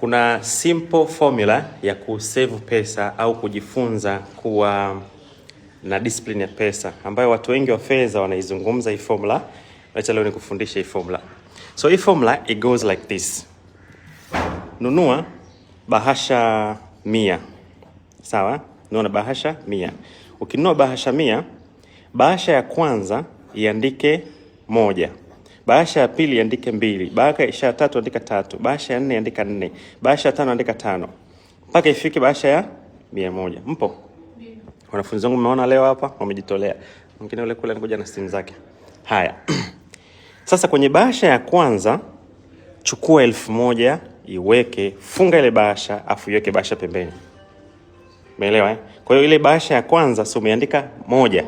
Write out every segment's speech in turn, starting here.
Kuna simple formula ya kusave pesa au kujifunza kuwa na discipline ya pesa ambayo watu wengi wa fedha wanaizungumza hii formula. Acha leo nikufundishe hii formula. So hii formula it goes like this. Nunua bahasha mia. Sawa? Nunua bahasha mia. Ukinunua bahasha mia, bahasha ya kwanza iandike moja bahasha ya pili andike mbili, bahasha ya tatu andika tatu, bahasha ya nne andika nne, bahasha ya tano andika tano, mpaka ifike bahasha ya mia moja. Mpo wanafunzi wangu, mmeona leo hapa wamejitolea. Mwingine yule kule anakuja na simu zake. Haya, sasa kwenye bahasha ya kwanza chukua elfu moja iweke, funga ile bahasha afu iweke bahasha pembeni. Umeelewa eh? Kwa hiyo ile bahasha ya kwanza si umeandika moja,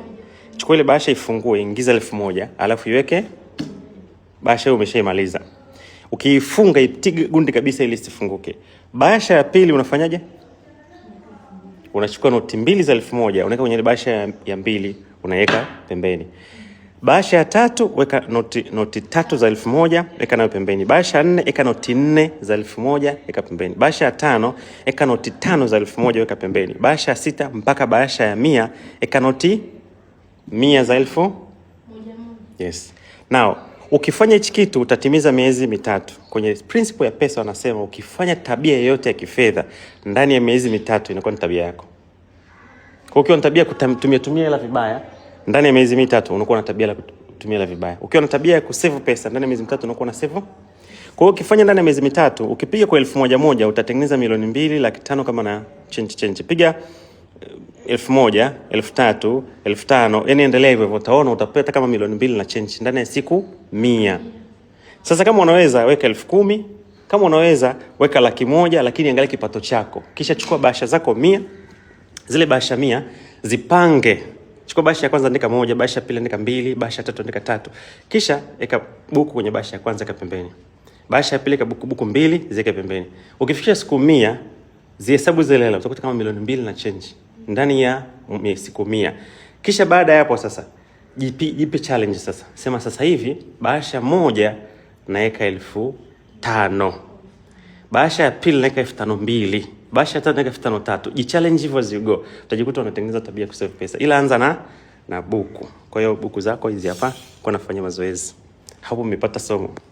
chukua ile bahasha ifungue, ingiza elfu moja alafu iweke bahasha umeshaimaliza. Ukiifunga ipige gundi kabisa ili isifunguke. Bahasha ya pili unafanyaje? Unachukua noti mbili za elfu moja unaweka kwenye bahasha ya mbili unaweka pembeni. Bahasha ya tatu weka noti, noti tatu za elfu moja weka nayo pembeni. Bahasha ya nne weka noti nne za elfu moja weka pembeni. Bahasha ya tano weka noti tano za elfu moja weka pembeni. Bahasha ya sita mpaka bahasha ya mia weka noti mia za elfu moja. Yes. Now, Ukifanya hichi kitu utatimiza miezi mitatu. Kwenye principle ya pesa wanasema ukifanya tabia yoyote ya kifedha ndani ya miezi mitatu inakuwa ni tabia yako. Kwa ukiwa na tabia kutumia tumia hela vibaya ndani ya miezi mitatu unakuwa na tabia la kutumia hela vibaya. Ukiwa na tabia ya kusevu pesa ndani ya miezi mitatu unakuwa na sevu Kwa hiyo ukifanya ndani ya miezi mitatu ukipiga kwa elfu moja moja utatengeneza milioni mbili laki tano kama na chenchi chenchi Piga elfu moja elfu tatu elfu tano yani endelea hivyo hivyo, utaona utapata kama milioni mbili na change ndani ya siku mia. Sasa kama unaweza weka elfu kumi kama unaweza weka laki moja lakini angalia kipato chako, kisha chukua bahasha zako mia, zile bahasha mia zipange. Chukua bahasha ya kwanza andika moja, bahasha ya pili andika mbili, bahasha ya tatu andika tatu, kisha eka buku kwenye bahasha ya kwanza ka pembeni, bahasha ya pili ka buku, buku mbili zieke pembeni. Ukifikisha siku mia zihesabu zile hela, utakuta kama milioni mbili na change ndani ya siku mia. Kisha baada ya hapo sasa jipi, jipi challenge sasa, sema sasa hivi bahasha moja naweka elfu tano bahasha ya pili naweka elfu tano mbili bahasha ya tatu naweka elfu tano tatu Jichallenge hivyo zigo go, utajikuta unatengeneza tabia kusave pesa, ila anza na na buku. Kwa hiyo buku zako hizi hapa, kwa nafanya mazoezi hapo, umepata somo.